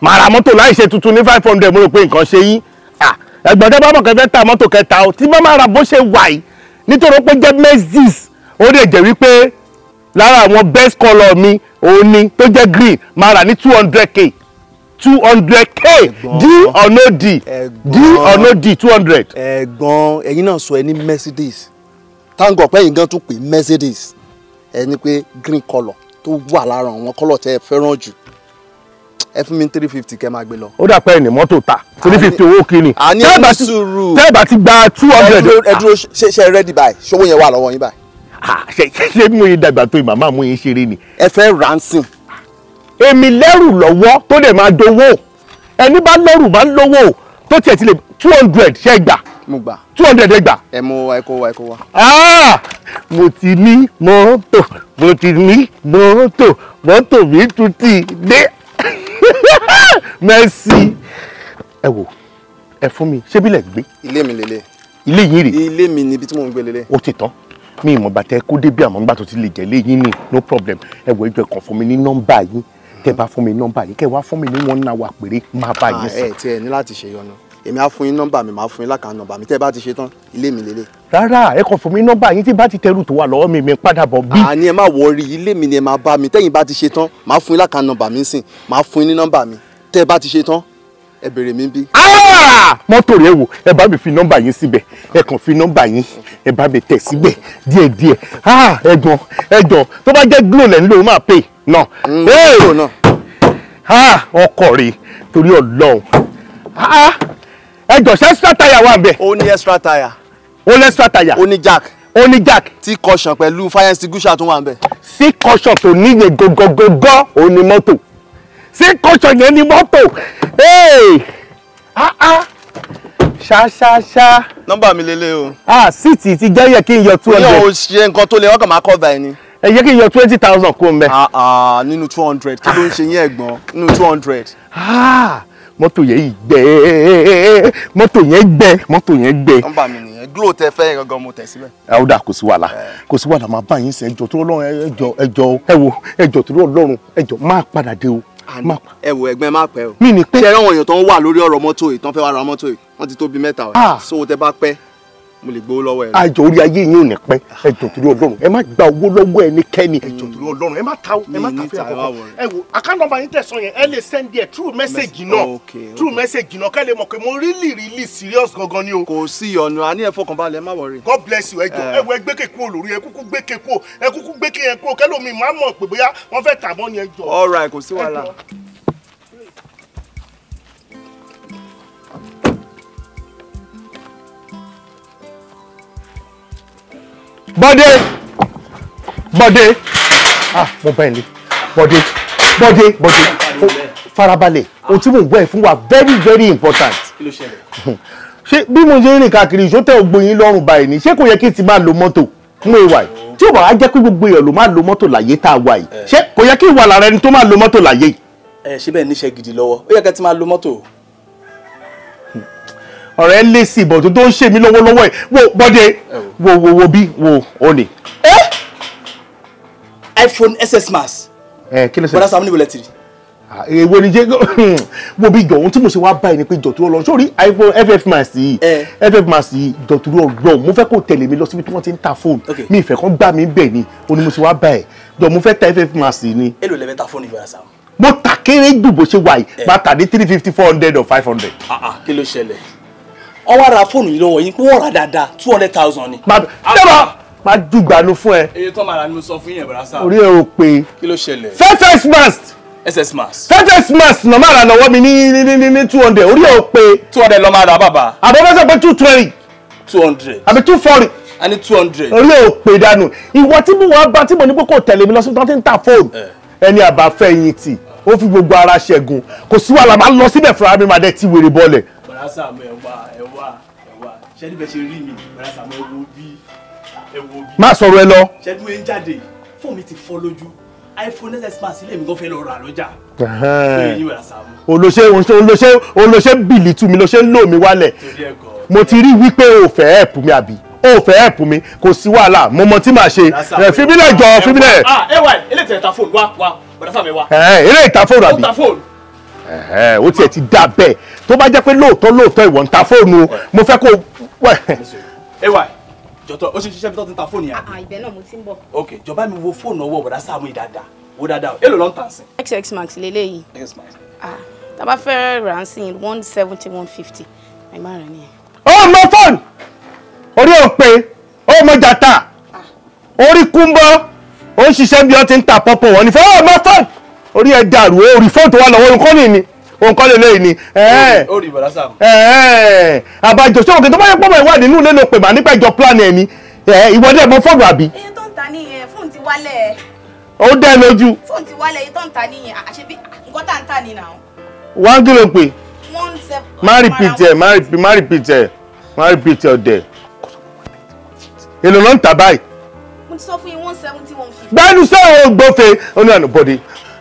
màá ra mọ́tò láì ṣe tuntun ní five hundred mo rò pé nǹkan ṣe yín ah, ẹ̀gbọ́n tẹ́ bá mọ̀ kẹ́ fẹ́ ta mọ́tò kẹta o tí bá máa ra bó ṣe wà yìí nítorí pé jẹ́ mezis ó lè jẹ́ wípé lára àwọn best color mi òun ni tó jẹ́ green máa rà ní two hundred k two hundred k d or no d d or no d two hundred. ẹ̀gbọ́n ẹ̀yin náà sọ ẹ ní mercedes tango pẹ́yìn gan tún pé mercedes ẹni pé green color tó wà lára àwọn color tẹ́ ẹ fẹ́ràn jù ẹ fún mi three fifty kẹ́ máa gbé lọ. ó dà pé ẹni mọ́tò ta three fifty owó kìíní. àní ẹni sùúrù tẹ́ẹ̀bà ti gba two hundred. ẹ dúró ṣe ṣe ready báyìí ṣòwò yẹn wà lọ́wọ́ yín báyìí ṣe mú yín dàgbà tó màmá mú yín ṣeré ni. ẹ fẹ́ ránṣin. èmi lẹ́rù lọ́wọ́ tó lè máa dowó ẹni bá lẹ́rù bá lówó tó tiẹ̀ ti lè two hundred ṣe gbà. mo gbà two hundred ẹ gbà. ẹ mú wa ẹ kó wa ẹ kó wa. Ah! mo ti ní mọ́tò mo ti ní mọ́tò mọ́tò mi tún ti dé [LAUGHS] mẹ́sì ẹ wò ẹ fún mi ṣébílẹ̀ gbé. ilé mi lélẹ̀. ilé yìí rè. ilé mi níbi tí mò ń gbé lélẹ̀. o ti tán mi ìmọ̀ bàtẹ́ kó débi àmọ́ nígbà tó ti lè jẹ́ léyìn ni no problem ẹ wọ ìjọ ẹ̀kan fún mi ní nọ́mbà yín tẹ́ bá fún mi nọ́mbà yín kẹ́ wá fún mi ní one hour péré máa bá yín sọ. Ah, ẹ tiẹ̀ ní láti ṣe yọnu èmi á fún yín nọ́mbà mi máa fún yín lákàá nọ́mbà mi tẹ́ bá ti ṣe tán ilé mi lélẹ̀. rárá ẹ kàn fún mi nọ́mbà yín tí bá ti tẹrù tó wà lọ́wọ́ mi mi padà bọ̀ bí. àní ah, ẹ má wọrí ilé mi ni ẹ máa bá mi tẹ́yìn bá ti ṣe tán máa fún yín lákàá nọ́mbà mi sìn máa fún yín ní nọ́mbà mi tẹ́ bá ti ṣe tán ẹ bèrè mi bí. Ah! mọ́tò rẹ̀ wò ẹ bá mi fi nọ́mbà yín síbẹ̀ ẹ kàn fi nọ́mbà yín ẹ bá mi tẹ̀ síbẹ̀ díẹ̀díẹ̀ ẹ̀gbọ́n ah! ẹ̀jọ̀ tó bá jẹ́ glo lẹ̀ ń lò ó máa pè náà. glo náà. ọkọ̀ rẹ̀ torí ọlọ́run ah! ṣe extra tire wà bẹ́ẹ̀. ó ní extra tire. ó ní extra tire. ó ní jack. ó ní jack. tí kọ̀ṣàn pẹ̀lú fire extinguisher tó wà bẹ́ẹ̀. sí kọ̀ṣàn tó níye gọgọgọgọ òun ni mọ́tò sí kọ̀ṣàn yẹn ni mọ́tò ṣáṣáṣá. Ah, ah. nọ́mbà mi lélẹ̀ o. ah síìtì ti jẹ́ yẹ kí n yọ two hundred. mi ò ṣe nǹkan tó lè wọ́n kàn máa kọ́ bá ẹni. ẹ jẹ́ kí n yọ twenty thousand kó mẹ́. Ah, nínú two hundred kí ló ń ṣe yín ẹ̀gbọ́n nínú two hundred. mọ́tò yẹn gbẹ mọ́tò yẹn gbẹ mọ́tò yẹn gbẹ. nọ́mbà mi nìyẹn glo tẹ fẹ́ gangan mo tẹ̀ síbẹ̀. àwùdà kò sí wàhálà eh. kò sí wàhálà máa bá yín sẹ́ ẹjọ́ tó lọ́rùn ẹjọ́ ẹjọ́ ẹwò ẹjọ́ tó lọ́rùn ẹjọ́ máa padà dé o ẹ wo ẹgbẹ́ má pẹ́ o ṣe é rán àwọn èèyàn tó ń wà lórí ọ̀rọ̀ mọ́tò yìí tó ń fẹ́ wá ra mọ́tò yìí wọ́n ti tó bíi mẹ́ta o ah. so tẹ bá pẹ́ mo lè gbowó lọ́wọ́ ẹ. àjọ orí ayé yín ò ní pẹ́ ẹ jọ̀ọ́ torí Ọlọ́run ẹ má gba owó lọ́wọ́ ẹnikẹ́ni. ẹ jọ̀ọ́ torí Ọlọ́run ẹ má ta ẹ má ta fẹ́ àkọ́kọ́ ẹ wo account number yín tẹ̀sán yẹn ẹ lè send ẹ true message náà true message náà kẹ́ lè mọ̀ pé mo really really serious gangan ni o. kò sí ọ̀nà àní ẹ fọkànbalẹ̀ ẹ má worry. God bless you ẹ jọ̀ọ́ ẹ wo ẹ eh. gbẹ́kẹ̀ kúrò lórí ẹ kúkú gbẹ́kẹ̀ kúrò ẹ kúkú gbẹ́kẹ̀ yẹn kúrò kẹ́lómi má mọ̀ pé bóyá wọ́n bọ́dé bọ́dé ah mo bá ẹ̀ lé bọ́dé bọ́dé bọ́dé farabalẹ̀ ohun tí mò gbọ́ ẹ̀ fún wa very very important ṣé bí mo ṣe ń rìn káàkiri ìṣótẹ́ ògbó yín lọ́rùn báyìí ni ṣé kò yẹ kí n ti máa lo mọ́tò fún ìwà yìí tí ò bá wá jẹ́ pé gbogbo èèyàn ló máa lo mọ́tò láyé tá a wà yìí ṣé kò yẹ kí ìwà lára ẹni tó máa lo mọ́tò láyé yìí. ẹ ṣe bẹ́ẹ̀ níṣẹ́ gidi lọ́wọ́ ó yẹ kẹ́ ti máa lo mọ́tò ọ̀rẹ́ lé sí ìbọ̀dún tó ń ṣe mí lọ́wọ́lọ́wọ́ ẹ̀ wo bọ́dẹ wo wo wo bí wo ò ní. ẹ iphone ss max. ẹ kí ló ṣe. bọ́dá sàmúlò ìwé lẹ́tìrì. èwo ni jẹ́ wo bí jọ ohun tí mo ṣe wá báyìí ni pé jọ̀tún ọlọ́run sórí iphone ff max yìí ff max yìí jọ̀tún ọlọ́run mo fẹ́ kó tẹ̀lé mi lọ síbi tí wọ́n ti ń ta fóònù mi ìfẹ́ kan gbà mí bẹ̀ ni o ni mo ṣe wá báyìí jọ mo fẹ́ ta ff max yìí ni. èlò lẹ́fẹ̀ẹ́ ta fóònù ìbára sàmú. mo ta kéré jù bó ṣe wà yìí bá ní three fifty four hundred or five hundred. Ah, ah, kí ló ṣẹlẹ̀ wọ́n wá ra fóònù yìí lọ́wọ́ yín pé wọ́n rà dáadáa two hundred thousand ni. dábàá máa dùgbànú fún ẹ. èyí tó máa ra ni mo sọ fún yín ẹ̀bùrà sáà. orí ẹ ò pé. kí ló ṣẹlẹ̀. fẹ́fẹ́ smart. ss mass. fẹ́fẹ́ smart náà máa ra lọ́wọ́ mi ní ní ní ní two hundred orí ẹ ò pé. two hundred lọ́ máa ra bàbá. àbọ̀ fẹ́ pé two twenty. two hundred. àbí two forty. a ní two hundred. orí ẹ ò pé dànù ìwọ tí mo wá bá tí mo ní pé kò tẹ̀lé mi lọ sí tọ́tí ń ta fóònù eh. ẹni àbá fẹ̀yìntì ó fi gbogbo ara ṣẹ́gun kò sí wàhálà máa lọ síbẹ̀ fúnra mi máa dẹ́ ti wèrè bọ́ọ̀lẹ̀. bàrá sáà ẹ̀ wá ẹ̀ wá ṣẹ́ni bẹ́ẹ̀ ṣe rí mi bẹ̀rẹ̀ sàmọ́ ẹ wo bí ẹ wo bí. má sọ̀rọ̀ ẹ lọ. ṣẹ́ni wẹ́n jáde fún mi ti fọ́ lójú iphone ss max ilé mi gan fẹ́ lọ rà lọ́jà. olóṣè olóṣè olóṣè bìlì tù mí lóṣè lò mí wálẹ̀ mo ti rí wípé o fẹ́ help mi àbí o fẹ́ help mi kò sí wàhálà mo mọ tí màá ṣe fíbílẹ̀ jọ fíbílẹ̀. ẹ wà ilé ìtẹ̀ta fóònù wa wa ti dà bẹ́ẹ̀ tó bá jẹ́ pé lóòótọ́ lóòótọ́ ìwọ ta fóònù mo fẹ́ kó ẹ [LAUGHS] wà jọ̀tọ̀ ó ṣe ṣiṣẹ́ bí tó ti ta fóònù yàrá. Ah, ibẹ̀ náà mo ti ń bọ̀. ok jọba mi wo fóònù ọwọ́ bọ̀dá sáà mú i dáadáa wo dáadáa èlò ló ń tàn sí. xx max leléyìí ah, tábà fẹ́ rà á sí one seventy one fifty ẹ má rà ní ẹ. ó mọ fóònù orí ò pé ó mọ jàtà ah. orí kúńbọ́ ó ń ṣiṣẹ́ bí wọ́n ti ń ta pọ́pọ́ wọn ní fóònù ó mọ fóònù orí ẹ̀ dàrú ó fóònù tó wà lọ́wọ́ nǹkan òun kọ́ lélẹ́yìn ni. ó rí bọ̀dá Sam. àbájọ ṣé òkè tó bá yẹ pọ́nmọ́ ìwádìí inú ilé ló pè mà nípa ìjọ plan ẹ̀ ni ìwọ dẹ̀ mọ fọ́ọ̀nù àbí. iye tó ń ta nìyẹn fóònù ti wálẹ̀. ó dẹ́ lójú. fóònù ti wálẹ̀ iye tó ń ta nìyẹn àṣebí nǹkan tá à ń tà ní nà. wọ́n kí ló ń pè. one seven. má repeat ẹ̀ má repeat ẹ̀ má repeat ẹ̀ ọ̀dẹ̀. èlò ló ń tà báyìí. mo ti sọ fún yín one seventy one fifty. gbẹ́nu sẹ́wọ̀n gbọ́fẹ́ ó ní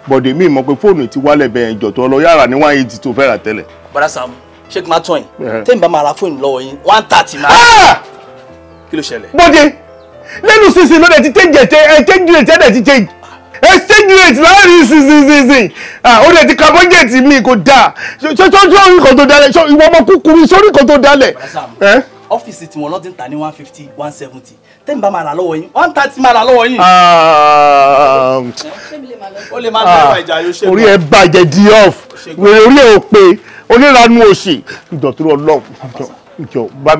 bọ̀dé mi mọ̀ pé fóònù ti wálẹ̀ bẹ́ẹ̀ jọ tó lọ yàrá ní one eighty tó fẹ́ rà tẹ́lẹ̀. bọ́dá Sàámú ṣé kí n máa tán yìí tẹ́yìn bá máa ra fóònù lọ́wọ́ yín one thirty máa. Ah! kí ló ṣẹlẹ̀. bọ́dé lẹ́nu sísìn ló ti change ẹ̀ change rate ẹ̀ dẹ̀ ti change exchange rate láàrin sísinsinsin ó dẹ̀ ti carbonate mi kò dáa ṣọ́ṣọ́ orí kan tó dalẹ̀ ìwọ ọmọ kúkúrú sórí kan tó dalẹ̀. bọ́dá Sàámú ọ́fíìsì tiwọn náà ti ń ta ní one fifty one seventy tẹ́mi bá máa rà lọ́wọ́ yín one thirty máa rà lọ́wọ́ yín. o ah. lè máa dáwọ ah. ìjà yóò ṣe. orí ẹ bàjẹ́ di off wèrè orí ẹ ò pé oníranu òsì ìdọ̀tún ọlọ́run ìjọ bá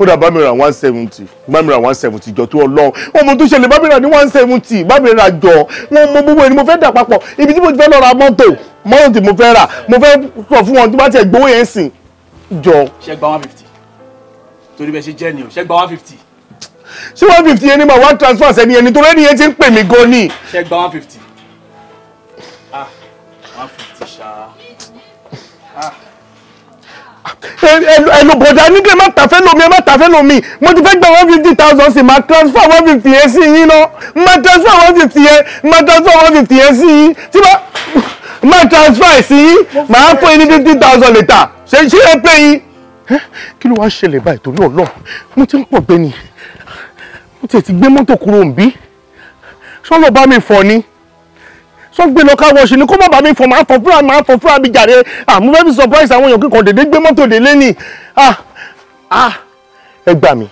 ó dà bámi ra one seventy bámi ra one seventy jọ tó ọlọ́run ọmọ tó ṣẹlẹ̀ bámi ra ní one seventy bámi ra jọ wọn mọ gbogbo ẹni mo fẹ́ dà papọ̀ ibi tí mo ti fẹ́ lọ ra mọ́tò mọ́tò tí mo fẹ́ rà mo fẹ́ sọ fún wọn tó bá tiẹ̀ gbowó yẹn sìn jọ. ṣé gba one fifty torí bẹ́ẹ̀ ṣe jẹ́ ni o ṣé gba one fifty ṣé one fifty yẹn ni mà wá transfer sẹ́ni ẹni tó rẹ́ni yẹn ti ń pè mí gan ni. ṣe gba one fifty ah one fifty ṣá ah. ẹ lọ bọ̀dá ní kí ẹ má tàfẹ́ lomi ẹ má tàfẹ́ lomi mo ti fẹ́ gba one fifty thousand sí máa transfer one fifty yẹn sí yín náà máa transfer one fifty yẹn máa transfer one fifty yẹn sí yín tí bá máa transfer sí yín máa fún yín ní fifty thousand later ṣe ṣe é pé yín kí ló wá ṣẹlẹ̀ báyìí torí ọlọ́run mo ti ń pọ̀ bẹ́ni ó tiẹ̀ ti gbé mọ́tò kúrò ń bí ṣọ́ lọ bá mi fọ̀ ni sọ gbé lọ káwọ ṣe ni kó má bàa mi fọ máa fọ fúra máa fọ fúra mi jàre àmú fẹ́ surprise àwọn èèyàn kíkan dédé gbé mọ́tò délé ni ah ah ẹ gbà mí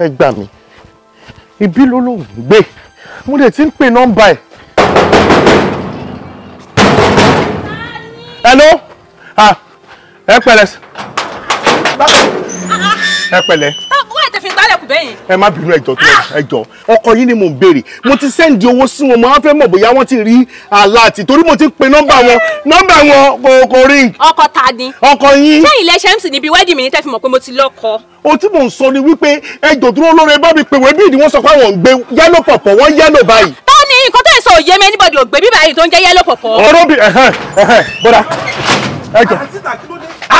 ẹ gbà mí ibi ló lòun gbé mo dẹ̀ ti ń pè nọ́mbà ẹ̀. hello ah ẹ pẹ̀lẹ́ ẹ pẹ̀lẹ́ tẹ fi gbálẹ̀ kù bẹ́yìn. ẹ má bínú ẹjọ tó ẹjọ ọkọ yín ni mò ń béèrè mo ti sẹ́ǹdì owó sí wọn mo á fẹ́ mọ̀ bóyá wọ́n ti rí aláàtì torí mo ti pe nọ́mbà wọn nọ́mbà wọn kò kò ring. ọkọ ta ni. ọkọ yín. ṣé ilé ṣe ń sìn níbi wẹ́ẹ̀dì mi ní tẹ́ fi mọ̀ pé mo ti lọ́kọ. o tí mò ń sọ ni wípé ẹjọ dúró lórí bá mi pè wẹ́ bí ìdíwọ́n sọ pé àwọn ń gbé yálò pọ̀pọ̀ wọ́n yálò báyìí. bá ní nǹkan tó ń sọ òye mi anybody ò gbé bíbá yìí tó ń jẹ́ yálò pọ̀pọ̀. ọ̀rọ̀ bí bọ́dà ẹjọ. àti sísà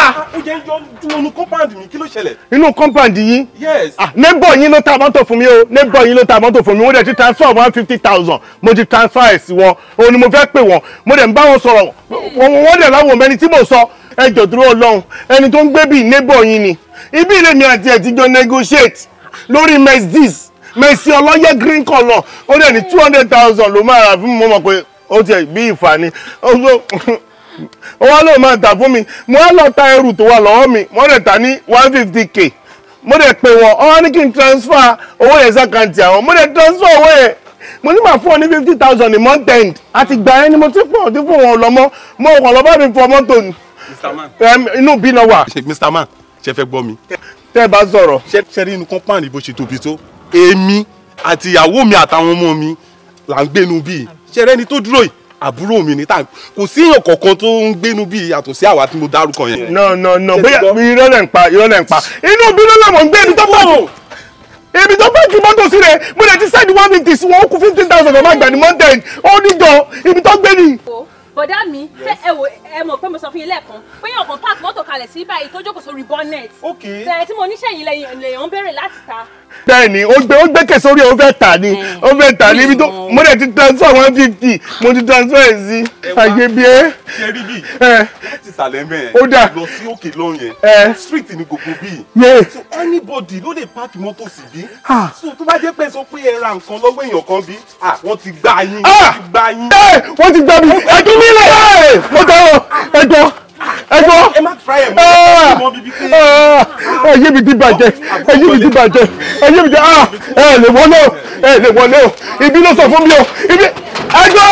Ah! ó jẹ́ ń jọ inú compound mi kí ló ṣẹlẹ̀. inú compound yín. yes. ah neighbor yín ló ta mọ́tò fún mi o neighbor yín ló ta mọ́tò fún mi wọ́n dẹ̀ ti transfer one fifty thousand mo ti transfer ẹ̀ sí wọn òun ni mo fẹ́ pè wọ́n mo dẹ̀ ń bá wọn sọ̀rọ̀ wọ́n dẹ̀ láwọn mẹ́ni tí mo sọ ẹ jọ̀ dúró ọlọ́run ẹni tó ń gbé bíi neighbor yín ni ibi ilé mi àti ẹ̀tíjọ negotiate lórí mercedes mercedes ọlọ́yẹ green color, ó dẹ̀ ní two hundred thousand ló máa rà fún mi mo mọ̀ pé ó tiẹ̀ bí ìfà ni ó [LAUGHS] ó wá lóun máa tà fún mi mo wá lọ ta ẹrù tó wà lọ́wọ́ mi mo dẹ̀ ta ní one fifty k mo dẹ̀ pè wọ́n ó wá ní kí n transfer owó yẹn sàkàǹtì àwọn mo dẹ̀ transfer owó yẹn mo ni màá fún ọ ní fifty thousand ní month end àti gbà yẹn ni mo ti fún ọ ti fún wọn lọ́mọ mo kàn lọ́ bá mi fọ mọ́tò ni inú bí náà wà. Mr. Man ṣe fẹ́ gbọ́ mi. tẹ́ ẹ bá sọ̀rọ̀. ṣe rí inú compound bó ṣe tóbi tó èmi àti ìyàwó mi àtàwọn ọmọ mi là ń gbénu bíi ṣe rẹ́ni tó dúró yìí àbúrò mi ni tàn kò sí èèyàn kankan tó ń gbénu bí yàtọ̀ sí àwa tí mo dárúkọ yẹn. nà nà nà bóyá irọ́ lẹ̀ ń pa irọ́ lẹ̀ ń pa inú bínú làwọn ń gbé ibi tó pọ̀ jù ibi tó pọ̀ jù mọ́tò sí rẹ̀ mo lè ti sẹ́ni one fifty sí wọn ó fifteen thousand ọmọ àgbà ní mountain ó níjọ ibi tó gbé ni. bọ̀dá mi ṣé ẹ wò ẹ mọ̀ pé mo sọ fún yín lẹ́ẹ̀kan pé yàn kan park mọ́tò kalẹ̀ sí báyìí tó jókòó sórí bonnet. ok tí mo níṣẹ́ yìí lèèyàn ń bẹ̀rẹ̀ láti ta bẹ́ẹ̀ni ó gbé ó gbé kẹsórí ó fẹ́ tà ni ó fẹ́ tà ni ibi tó mo dẹ̀ ti transfer one fifty mo ti transfer ẹ̀ sí àyè bí ẹ. ṣẹ́rí bíi láti ìsàlẹ̀ mẹ́ẹ̀ ó dà lọ sí òkè lọ́n yẹn street ni gbogbo bíi so anybody ló lè park mọ́tò sí bí so tó bá jẹ́ pé sọ pé ẹ ra nǹkan lọ́wọ́ èèyàn kan bí wọ́n ti gbá yín wọ́n ti gbá yín. wọ́n ti gbá mi ẹ̀dùn mi lẹ̀ ẹ̀dùn ẹ̀dùn ẹjọ́ ẹyẹ ah. ah. mi ti bàjẹ́ ẹyẹ mi ti bàjẹ́ ẹyẹ mi ti ah ẹ lè wọlé o ẹ lè wọlé o ibi ló sọ fún mi o ibi ẹjọ́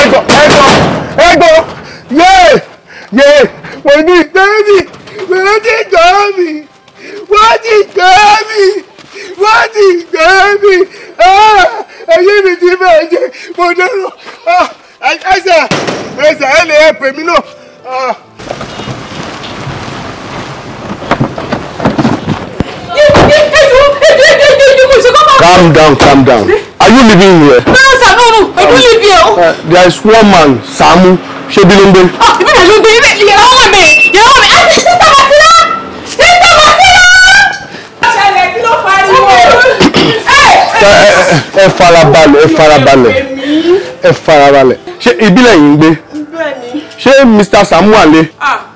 ẹjọ́ ẹjọ́ ẹjọ́ yéé yéé mo ní tẹ́lẹ̀ wọ́n ti jọ mi wọ́n ti jọ mi wọ́n ti jọ mi ẹyẹ mi ti bàjẹ́ mo dẹ́rọ ah. ẹsẹ̀ ẹsẹ̀ ẹ lè ẹ pè mí náà. Calm down, calm down. Are you living here? No, no, sir, no, no. I don't live here. Uh, there is one man, Saamu Shebilombe. Ah, ibi na lombe, ibi ìyàwó mi, ìyàwó mi. Ah, sister Martina! Sister Martina! Ṣẹlẹ̀ kí ló fariwo? Ẹ farabalẹ̀, ẹ farabalẹ̀, ẹ farabalẹ̀. Ṣé ibílẹ̀ yìí ń gbé? Bẹ́ẹ̀ni. Ṣé Mr. Saamu wà lé? Ah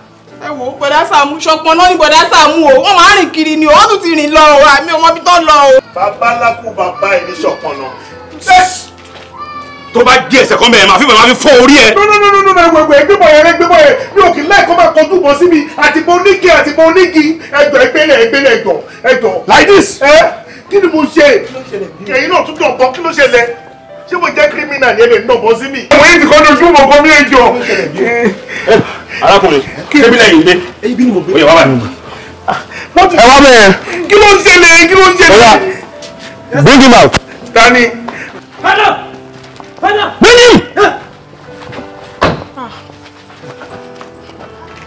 bọ̀dá Sàámú ṣọpọ̀n náà ní bọ̀dá Sàámú o wọ́n máa rìn kiri ni o wọ́n tún ti rìn lọ o àmì ọmọ bí tó lọ o. bàbá lákù bàbá ẹ̀ ní ṣọpọ̀n náà. tó bá di ẹsẹ̀ kan bẹ̀rẹ̀ máa fi bẹ̀rẹ̀ máa fi fọ́ orí ẹ̀. nínú ẹgbẹ̀gbẹ̀ gbẹ̀bọ̀ yẹn gbẹ̀bọ̀ yẹn ní òkè láìkọ́ máa kọjú bọ̀ síbi àti bọ̀ onígi àti bọ̀ onígi ẹjọ́ ẹgbẹ́lẹ̀ ẹgbẹ́lẹ̀ ẹjọ́ ẹjọ́. like this. ẹ kí ni mo ṣe èyí náà tún dọ̀bọ kí ló ṣẹlẹ̀ ṣé mo jẹ́ kírímìnà ni ẹ lè nọ̀bọ sí mi. àwọn yìí ti kọ́ ní ojú mọ̀ọ́kọ́ mi ẹjọ́ arákùnrin kébí lẹ́yìn ilé ó yẹ wá ah, ẹ wá bẹ́ẹ̀. kí ló ń ṣẹlẹ̀ kí ló ń ṣẹlẹ̀. ọ̀la bring him out. tani. padà padà. bring eh!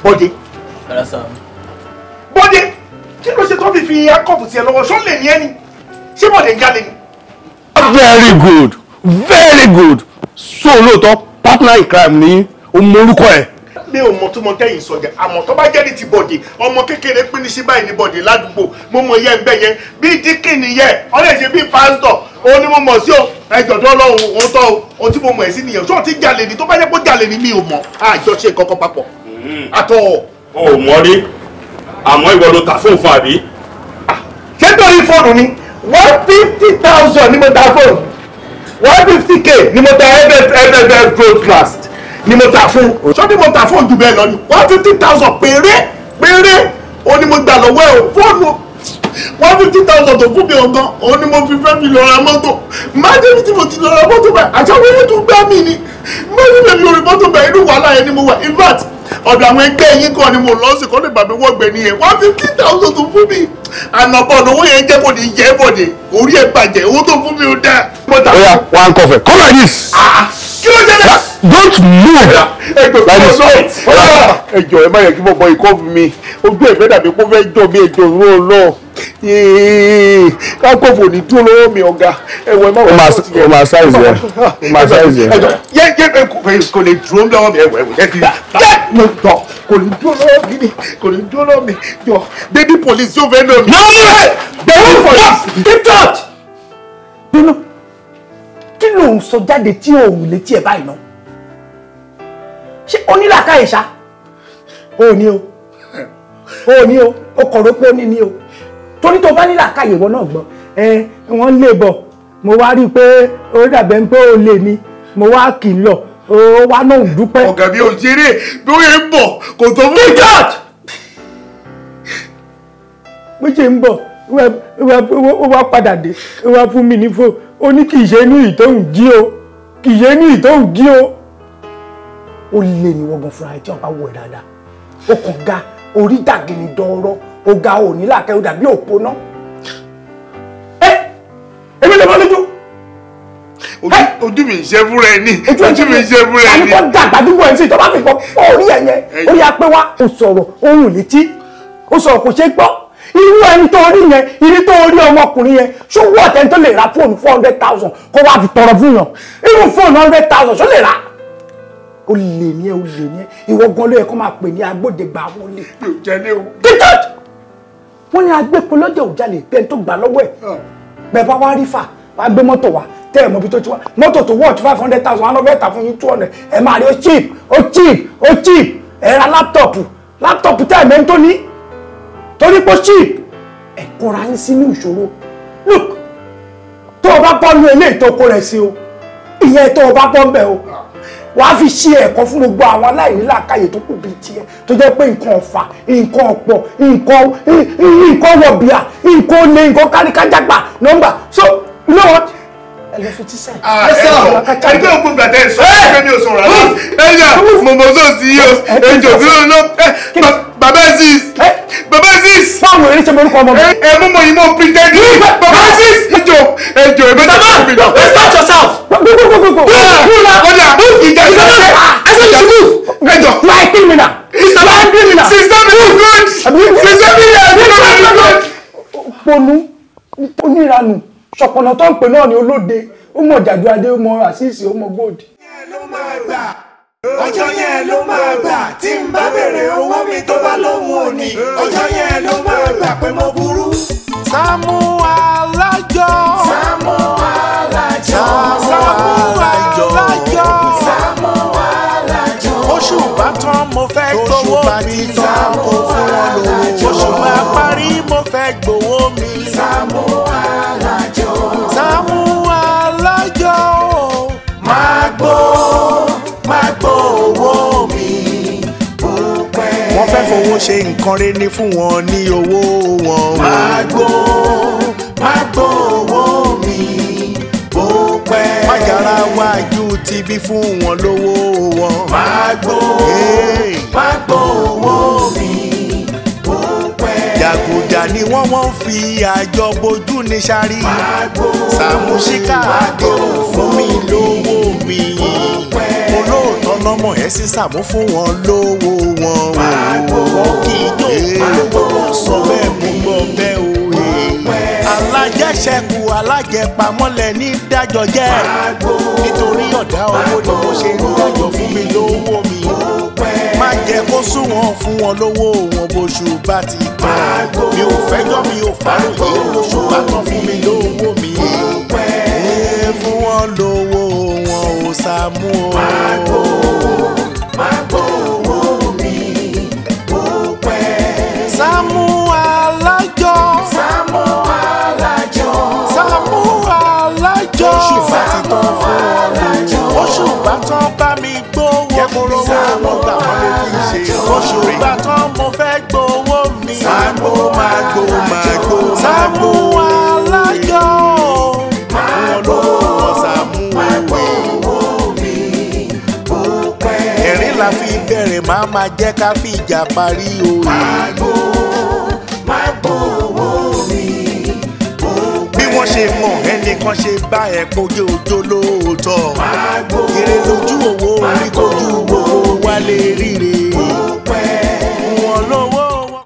bọ́dé. bọ́dé kí ló ṣe tó fi fi akọ́pù tiẹ̀ lọ́wọ́ ṣó lè ní ẹni ṣé bọ́dé ń jalè ni. very good very good so lóòótọ́ partner in crime ni o mọ orúkọ ẹ̀ mi ò mọ tó mọ tẹ́yìn sọ̀gẹ̀ àmọ́ tó bá jẹ́ ní ti bọ̀dì ọmọ kékeré pín ní sí báyìí ní bọ̀dì ládùúgbò mo mọ iye ẹgbẹ́ yẹn bí díkì nìyẹn ọ̀rẹ́ ṣe bí pásítọ̀ òun ni mo mọ̀ sí o ẹjọ́ tó lọ́hùn òun tọ́ o ohun tí mo mọ̀ ẹ́ sí nìyẹn ṣó ti jalè ni tó bá jẹ́ pé jalè ni mi ò mọ̀ àjọṣe kankan papọ̀ hmm. àtọ̀. o ò mọ rí àmọ́ ìwọ ló ta fóònù fún àbí. ṣé fifty thousand ni mo ta fóònù one fifty k ni mo ta ẹgbẹ́ ẹgbẹ́ gold class ni mo tà fún sọ ni mo tà fún jù bẹ́ẹ̀ lọ ni one fifty thousand péré péré òun ni mo gbà lọ́wọ́ ẹ̀ fóònù one fifty thousand tó fún mi ọ̀gán òun ni mo fi fẹ́ fi lọ ra mọ́tò má débi tí mo ti lọ ra mọ́tò báyìí àtàwọn èèyàn tún gbá mi ni má mi ò rí mọ́tò báyìí inú wàhálà yẹn ni mo wà in fact ọ̀dọ̀ àwọn ẹgbẹ́ yín kan ni mo lọ sí kọ́ lè bàbí wọ́gbẹ́ nìyẹn one fifty thousand tó fún mi àná bọ́ọ̀dù owó yẹn jẹ́ bọ̀dì yẹ́ bọ̀dì orí ẹ̀ bàjẹ́ owó tó fún mi ò dáa. ó yá one cover cover this. Ah, kí ló jẹ́ náà. don't move. ẹjọ kí ló sọ ẹjọ ẹ má yẹ kí mo bọ ikọ́ mi ojú ẹ̀fẹ́ dàbí kó fẹ́ jọ bí ẹjọ rú ọ lọ káko fò ní dúró lọ́wọ́ mi ọ̀gá ẹ̀wọ̀ ẹ má wà lọ́wọ́ tiẹ̀. o ma ṣáìsì ẹ o ma ṣáìsì ẹ. yẹ yẹ kò lè dúró lọ́wọ́ mi ẹ̀wọ̀ ẹ̀wọ̀ yẹ kì í yẹ mo tọ̀ kò ní dúró lọ́wọ́ mi ni kò ní dúró lọ́wọ́ mi jọ baby police yóò fẹ́ lọ. no no no the police in touch kí ló ń sọ jáde tí ò ń létí ẹ̀ báyìí náà ṣé onílàkàyè ṣá o ò ní o o ò ní o o kọ̀rọ̀ pé ó ní ní o torí tó bá nílàkàyè wọn náà gbọ́ ẹ wọ́n lè bọ̀ mo wá rí i pé ó dàbẹ̀ ń pé O lè ní mo wá kì í lọ ó wá náà ń dúpẹ́. ọ̀gá mi ò ṣeré bí ó yẹ ń bọ̀ kò tó mú. bí méjì ń bọ̀ ó wá padà dé ó wá fún mi ní fò ó ní kì í ṣe inú ìtòhùn jí o kì í ṣe inú ìtòhùn jí o. ó lé ní wọ́n gan fúnra ẹ̀ tí wọ́n bá wọ̀ ẹ́ dáadáa ó kàn ga orí dàgìrì dọ̀ọ̀rọ̀ ó ga òní làkẹ́ ó dàbí òpónà. ẹ èmi lè mọ lójú. ojú mi ń ṣe fúnra ẹni ojú mi ṣe fúnra ẹni. àníkọ́ dàgbà dúró ẹ̀ ń sìn bá fi gbọ́ fọ́ orí ẹ̀ yẹn orí apẹ́ wa sọ̀rọ̀ ohun létí irú ẹni tó rí yẹn irí tó rí ọmọkùnrin yẹn ṣùgbọ́n àtẹni tó lè ra fóònù four hundred thousand kó wá fi tọrọ fún yàn irú fóònù hundred thousand ṣó lè rà ó lè ní ẹ ó lè ní ẹ ìwọ gan ló yẹ kó máa pè ní agbódegbà àwọn olè. mi ò jẹ ní o. títọ́j wọ́n ní agbépo lọ́dẹ̀ òjàlè bẹ́ẹ̀ tó gbà lọ́wọ́ ẹ̀ ah. bẹ́ẹ̀ bá wá rí fà wá gbé mọ́tò wá tẹ́ ẹ̀ mọ́ bí tó ti wá mọ́tò tó wọ́ọ̀tì five hundred thousand one hundred thousand two hundred ẹ̀ máa rí ó cheap ó cheap ó cheap ẹ̀ ra láptọ̀pù láptọ̀pù tẹ́ ẹ̀ mẹ́ńtó ní torí pé ṣíp ẹ kóra yín sínú ìṣòro look tó o bá bọ́nu eléyìí tó kó rẹ̀ sí o ìyẹn tó o bá bọ́ ń bẹ̀ o wàá fi ṣe ẹ̀kọ́ fún gbogbo àwọn aláìní làkàyè tó kù bíi tiẹ̀ tó jẹ́ pé nǹkan ọ̀fà nǹkan ọ̀pọ̀ nǹkan nǹkan wọ̀bìà nǹkan olè nǹkan káríkájágbà nọ́mbà so you know what ẹlẹ fún tíṣà. ẹsẹ ọ ẹgbẹ òkú gbàtẹ ìsọ ẹgbẹ mi ò sọ̀rọ̀ àlọ ẹyà mọmọ sọ sí yìí o ẹjọ bí ó lọ bàbá aziz bàbá aziz. báwo eré ṣe mọ orúkọ ọmọ mi. ẹ mú mọ ìmọ̀ pretend bàbá aziz. ẹjọ ẹjọ ẹ bẹ́ẹ̀ sábà mi lọ. respect yourself. gbogbogbogbogbò. kúlà kúlà ìjà ìjà ìjà ẹjọ. you are a criminal. you are a criminal. sister mi is good. sister mi is good. polu oníranu ṣọ̀pọ̀nà tó ń pè náà ni olóde ó mọ̀ jàdú adé ó mọ àṣìṣe ó mọ góòdì. ọjọ́ yẹn ló máa gbà tí n bá béèrè owó mi tó bá lóhùn òní ọjọ́ yẹn ló máa gbà pé mo burú. Sàámú Alájọ. Sàámú Alájọ. Sàámú Alájọ. Sàámú Alájọ. oṣù bá mo fẹ́ gbowó mi. oṣù bá mo fẹ́ gbowó mi. oṣù bá mo fẹ́ gbowó mi. Sàámú Alájọ. fowó ṣe nǹkan rẹ ní fún wọn ní owó wọn. Magbo magbo owó mi bó pẹ́. Májàra wájú ti bí fún wọn lówó wọn. Magbo magbo owó mi bó pẹ́. Jàgùjà ni wọ́n wọ́n fi àjọ bojú ní sáré. Magbo Sàmúsíkà àdé mi lówó mi. Olóòótọ́ lọ́mọ ẹ̀ sísàmú fún wọn lówó wọn o. wọ́n kì í jó sọ bẹ́ẹ̀ mú gbọ́ bẹ́ẹ̀ o. alájẹṣẹ́kù alájẹpamọ́lẹ̀ ní dájọ́ jẹ́ nítorí ọ̀dá owó ni mo ṣe ń dájọ́ fún mi lówó mi. má jẹ́ kó sún wọn fún wọn lówó wọn bóṣù bá ti tán. mi ò fẹ́jọ́ mi ò fàròyé lóṣù bá tán fún mi lówó mi. fún wọn lówó wọn ò sàmú o. máa gbó máa gbó owó. Samu Alájọ. Samu Alájọ. Samu Alájọ. oṣù bàtọ́ fún Alájọ. oṣù bàtọ́ bá mi gbówó mi Sàámú Alájọ. oṣù bàtọ́ mo fẹ́ gbówó mi. Sàámú Alájọ. Sàámú Alájọ. la fi bẹ̀rẹ̀ máa ma jẹ́ ká fi ìjà parí o. Magbo Magbo owó mi. Bí wọ́n ṣe mọ̀ ẹnìkan ṣe bá ẹ̀ kojú ojó lóòótọ́. Magbo Magbo owó mi. Èrè lójú owó orí wálé ríre.